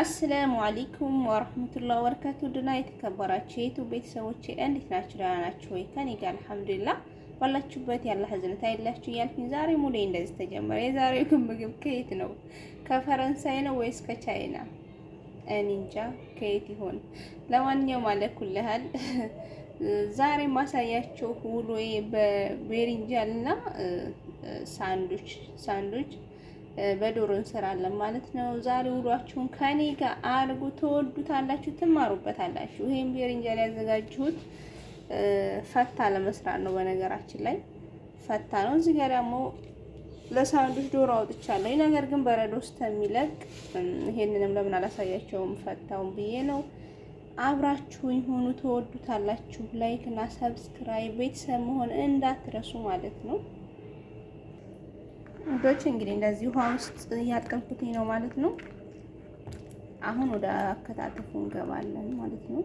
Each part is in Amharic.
አሰላሙ አለይኩም ወረህመቱላሂ ወበረካቱ ድና የተከበራችሁ የቱ ቤተሰቦች እንዴት ናችሁ? ደህና ናችሁ ወይ? ከኔ ጋር አልሐምዱሊላህ። ባላችሁበት ያለ ህዝነት አይላችሁ እያልኩኝ ዛሬ ሙሌ እንደዚህ ተጀመረ። የዛሬው ግን ምግብ ከየት ነው? ከፈረንሳይ ነው ወይስ ከቻይና? እኔ እንጃ ከየት ይሆን። ለማንኛውም አለኩልሃል ዛሬ ማሳያችሁ ውሎዬ በቤሪንጃልና ሳንዱች ሳንዱች በዶሮ እንሰራለን ማለት ነው። ዛሬ ውሏችሁን ከኔ ጋር አድርጉ። ትወዱታላችሁ፣ ትማሩበታላችሁ። ይሄን ቤሪንጀር እንጀራ ያዘጋጅሁት ፈታ ለመስራት ነው። በነገራችን ላይ ፈታ ነው። እዚህ ጋር ደግሞ ለሳንዱች ዶሮ አውጥቻለሁ። ነገር ግን በረዶ ውስጥ የሚለቅ ይሄንንም ለምን አላሳያቸውም ፈታውን ብዬ ነው። አብራችሁ ይሁኑ፣ ትወዱታላችሁ። ላይክ እና ሰብስክራይብ ቤተሰብ መሆን እንዳትረሱ ማለት ነው። ውዶች እንግዲህ እንደዚህ ውሃ ውስጥ እያጠብኩትኝ ነው ማለት ነው። አሁን ወደ አከታተፉ እንገባለን ማለት ነው።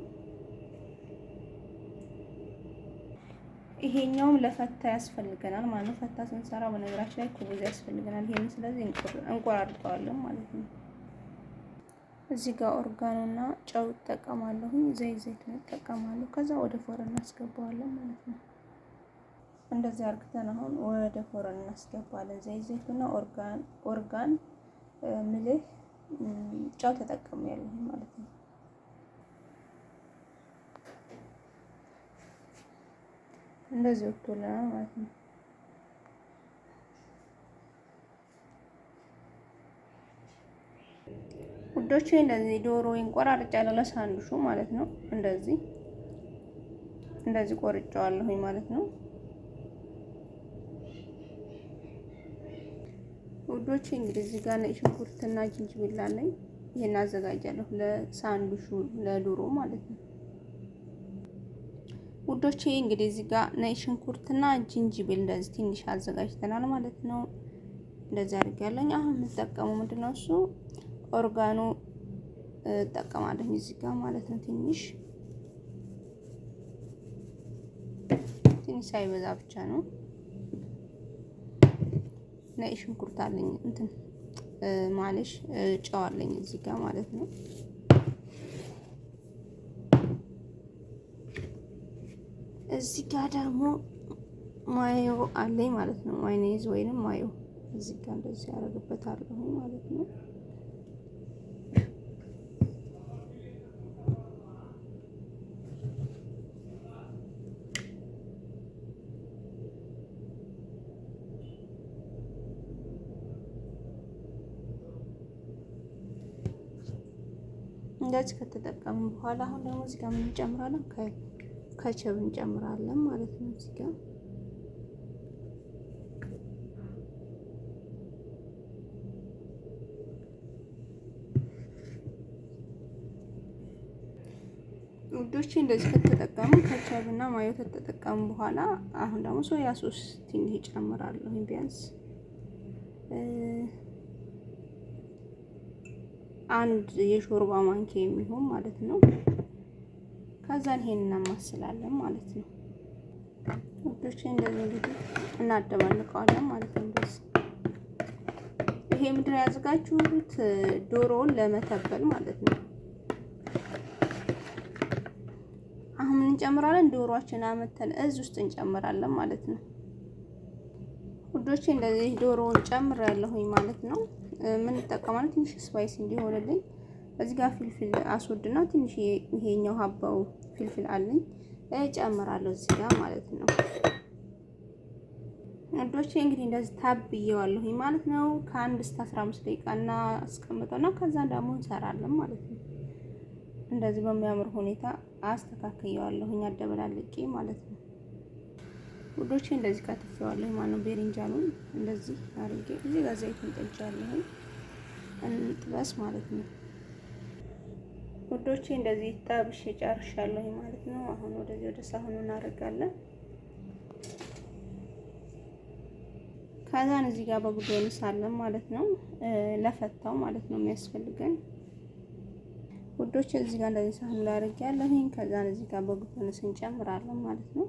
ይሄኛውም ለፈታ ያስፈልገናል ማለት ነው። ፈታ ስንሰራ በነገራችን ላይ ኩብዝ ያስፈልገናል። ይሄን ስለዚህ እንቆራርጠዋለን ማለት ነው። እዚህ ጋር እና ጨው እጠቀማለሁ። ዘይት ዘይቱን እጠቀማለሁ። ከዛ ወደ ፎረን እናስገባዋለን ማለት ነው። እንደዚህ አርክተን አሁን ወደ ፎረን እናስገባለን። ዘይት ዘይቱና ኦርጋን ምልህ ጨው ተጠቀሙ ያለሁ ማለት ነው። እንደዚህ ወጥቶልናል ማለት ነው። ውዶቼ እንደዚህ ዶሮ ቆራርጬ ያለው ለሳንዱሹ ማለት ነው። እንደዚህ እንደዚህ ቆርጬዋለሁኝ ማለት ነው። ውዶች እንግዲህ እዚህ ጋር ነጭ ሽንኩርትና ጅንጅብል አለኝ። ይሄን አዘጋጃለሁ ለሳንዱሹ ለዶሮ ማለት ነው። ውዶቼ እንግዲህ እዚህ ጋር ነጭ ሽንኩርትና ጅንጅብል እንደዚህ ትንሽ አዘጋጅተናል ማለት ነው። እንደዚህ አድርጋለኝ። አሁን የምጠቀመው ምንድነው እሱ ኦርጋኖ እጠቀማለሁ እዚህ ጋር ማለት ነው። ትንሽ ትንሽ ሳይበዛ ብቻ ነው። ነጭ ሽንኩርት አለኝ እንትን ማለሽ ጨው አለኝ እዚህ ጋር ማለት ነው። እዚህ ጋር ደግሞ ማዮ አለኝ ማለት ነው። ማዮኔዝ ወይንም ማዮ እዚህ ጋር እንደዚህ ያደርግበታለሁ ማለት ነው። እንደዚህ ከተጠቀምን በኋላ አሁን ደግሞ እዚህ ጋር ምን እንጨምራለን? ከቸብ እንጨምራለን ማለት ነው። እዚህ ጋር ውዶች እንደዚህ ከተጠቀሙ ከቸብ እና ማዮ ከተጠቀሙ በኋላ አሁን ደግሞ ሶያ ሶስ ትንሽ እጨምራለሁ ቢያንስ አንድ የሾርባ ማንኪያ የሚሆን ማለት ነው። ከዛን ይሄን እናማስላለን ማለት ነው። ውዶች እንደዚህ እንግዲህ እናደባልቀዋለን ማለት ነው። ደስ ይሄ ምንድን ነው ዶሮውን ለመተበል ማለት ነው። አሁን እንጨምራለን ዶሮአችን አመተን እዝ ውስጥ እንጨምራለን ማለት ነው። ውዶች እንደዚህ ዶሮውን ጨምር ያለሁኝ ማለት ነው። የምንጠቀማለን ትንሽ ስፓይስ እንዲሆንልኝ እዚህ ጋር ፍልፍል አስወድና ትንሽ ይሄኛው ሀባው ፍልፍል አለኝ እጨምራለሁ እዚህ ጋር ማለት ነው። እዶቼ እንግዲህ እንደዚህ ታብዬዋለሁ ማለት ነው። ከአንድ እስከ 15 ደቂቃ እና አስቀምጠውና ከዛ ደግሞ እንሰራለን ማለት ነው። እንደዚህ በሚያምር ሁኔታ አስተካክየዋለሁኝ አደበላልቄ ማለት ነው። ውዶቼ እንደዚህ ካትፈዋለሁ ማለት ነው። ቤሪንጃሉን እንደዚህ አድርጌ እዚህ ጋር ዘይቱን ጠጃለሁ እንጥበስ ማለት ነው። ውዶቼ እንደዚህ ጣብሽ ጨርሻለሁ ማለት ነው። አሁን ወደዚህ ወደ ሳህኑ እናደርጋለን። ከዛን እዚህ ጋር በጉዶ እንሳለን ማለት ነው። ለፈታው ማለት ነው የሚያስፈልገን ውዶች እዚህ ጋር እንደዚህ ሳህኑ ላይ አድርጌያለሁ። ከዛን እዚህ ጋር በጉዶ እንጨምራለን ማለት ነው።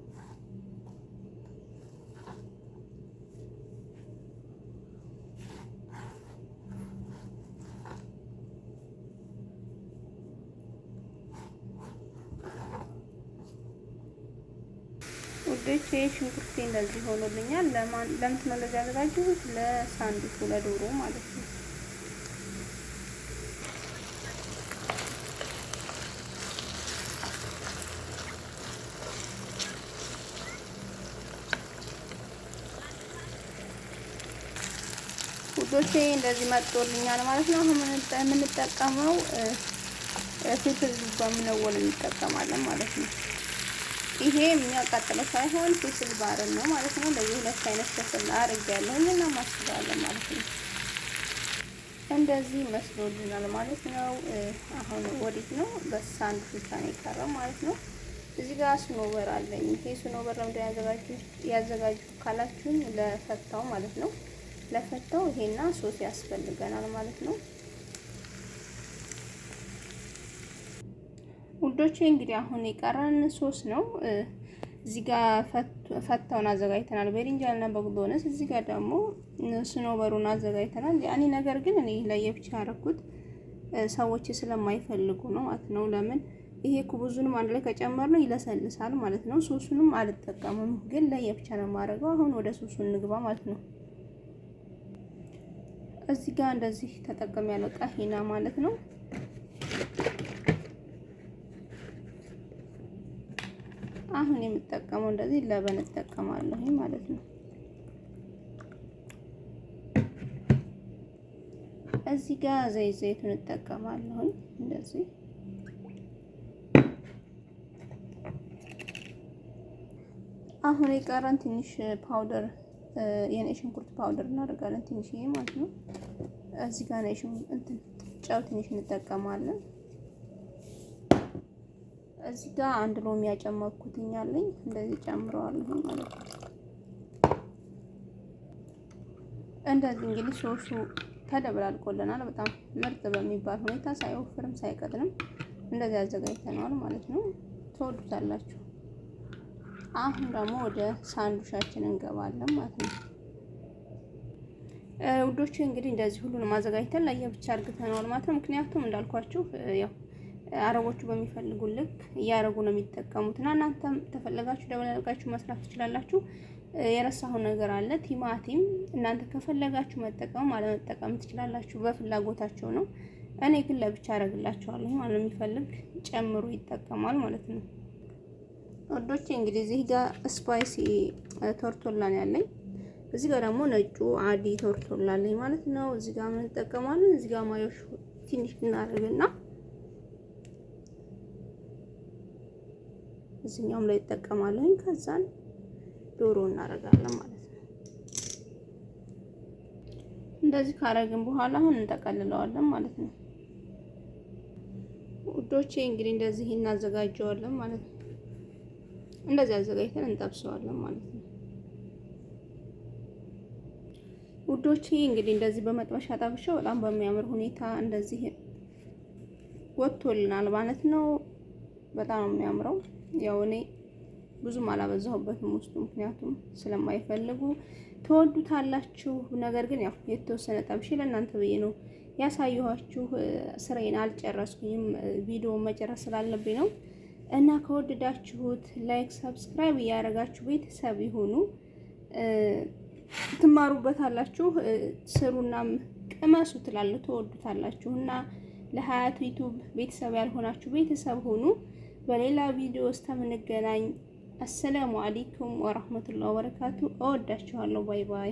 ውዶች ሽንኩርት እንደዚህ ሆኖልኛል። ለምት ነው ለዚህ ያዘጋጀሁት? ለሳንዱቹ ለዶሮ ማለት ነው። ውዶቼ እንደዚህ መጥቶልኛል ማለት ነው። አሁን የምንጠቀመው ፊፍዝ በምንወል እንጠቀማለን ማለት ነው። ይሄ የሚያቃጥለው ሳይሆን ፍስል ባርን ነው ማለት ነው። ለዚህ ሁለት አይነት ፊስል አድርጌያለሁ እና ማስተባለ ማለት ነው። እንደዚህ መስሎልናል ማለት ነው። አሁን ወዴት ነው? በሳንድ ብቻ ነው የቀረው ማለት ነው። እዚህ ጋር ስኖበር አለኝ። ይሄ ስኖበር ለምደ ያዘጋጁ ካላችሁኝ ለፈታው ማለት ነው። ለፈታው ይሄና ሶስ ያስፈልገናል ማለት ነው። ውዶቼ እንግዲህ አሁን የቀረን ሶስ ነው። እዚህ ጋር ፈታውን አዘጋጅተናል በድንጃልና በግሎነስ እዚህ ጋር ደግሞ ስኖበሩን አዘጋጅተናል። ያኔ ነገር ግን እኔ ለየብቻ ያደረኩት ሰዎች ስለማይፈልጉ ነው ማለት ነው። ለምን ይሄ ኩብዙንም አንድ ላይ ከጨመርነው ይለሰልሳል ማለት ነው። ሶሱንም አልጠቀምም ግን ለየብቻ ነው የማደርገው። አሁን ወደ ሶሱ እንግባ ማለት ነው። እዚህ ጋር እንደዚህ ተጠቀም ያለው ጣሂና ማለት ነው። አሁን የምጠቀመው እንደዚህ ለበን እጠቀማለሁ ማለት ነው። እዚህ ጋር ዘይት ዘይቱን እጠቀማለሁ እንደዚህ አሁን የቀረን ትንሽ ፓውደር የነጭ ሽንኩርት ፓውደር እናደርጋለን ይሄ ማለት ነው። እዚህ ጋር ነጭ እንትን ጨው ትንሽ እንጠቀማለን። እዚህ ጋር አንድ ሎሚ ያጨመርኩትኝ አለኝ። እንደዚህ ጨምረዋለሁ ማለት ነው። እንደዚህ እንግዲህ ሶሱ ተደብላልቆልናል። በጣም ምርጥ በሚባል ሁኔታ ሳይወፍርም ሳይቀጥንም እንደዚህ አዘጋጅተነዋል ማለት ነው። ትወዱታላችሁ። አሁን ደግሞ ወደ ሳንዱሻችን እንገባለን ማለት ነው። ውዶች እንግዲህ እንደዚህ ሁሉንም አዘጋጅተን ለየብቻ አድርገነዋል ማለት ነው። ምክንያቱም እንዳልኳችሁ ያው አረቦቹ በሚፈልጉ ልክ እያደረጉ ነው የሚጠቀሙት። እና እናንተም ተፈለጋችሁ ደበላልጋችሁ መስራት ትችላላችሁ። የረሳሁን ነገር አለ። ቲማቲም እናንተ ከፈለጋችሁ መጠቀም አለመጠቀም ትችላላችሁ፣ በፍላጎታቸው ነው። እኔ ግን ለብቻ አደርግላችኋለሁ ማለት የሚፈልግ ጨምሮ ይጠቀማል ማለት ነው። ወዶች እንግዲህ እዚህ ጋር ስፓይሲ ቶርቶላ ያለኝ። እዚህ ጋር ደግሞ ነጩ አዲ ቶርቶላ አለኝ ማለት ነው። እዚህ ጋር ምን እንጠቀማለን? እዚህ ጋር ማዮሽ ትንሽ እናደርግና እዚኛውም ላይ ይጠቀማለኝ። ከዛን ዶሮ እናደርጋለን ማለት ነው። እንደዚህ ካረግን በኋላ አሁን እንጠቀልለዋለን ማለት ነው። ውዶቼ እንግዲህ እንደዚህ እናዘጋጀዋለን ማለት ነው። እንደዚህ አዘጋጅተን እንጠብሰዋለን ማለት ነው። ውዶቼ እንግዲህ እንደዚህ በመጥበሻ ጠብሼው በጣም በሚያምር ሁኔታ እንደዚህ ወጥቶልናል ማለት ነው። በጣም ነው የሚያምረው። ያው እኔ ብዙም አላበዛሁበትም ውስጡ ምክንያቱም ስለማይፈልጉ ተወዱታላችሁ። ነገር ግን ያው የተወሰነ ጠብሼ ለእናንተ ብዬ ነው ያሳየኋችሁ። ስራዬን አልጨረስኩኝም ቪዲዮ መጨረስ ስላለብኝ ነው። እና ከወደዳችሁት ላይክ፣ ሰብስክራይብ እያደረጋችሁ ቤተሰብ ይሁኑ። ትማሩበታላችሁ፣ ስሩና ቅመሱ ትላለ፣ ተወዱታላችሁ እና ለሀያት ዩቱብ ቤተሰብ ያልሆናችሁ ቤተሰብ ሁኑ። በሌላ ቪዲዮ ውስጥ የምንገናኝ። አሰላሙ አለይኩም ወራህመቱላሂ ወበረካቱ። እወዳችኋለሁ። ባይ ባይ።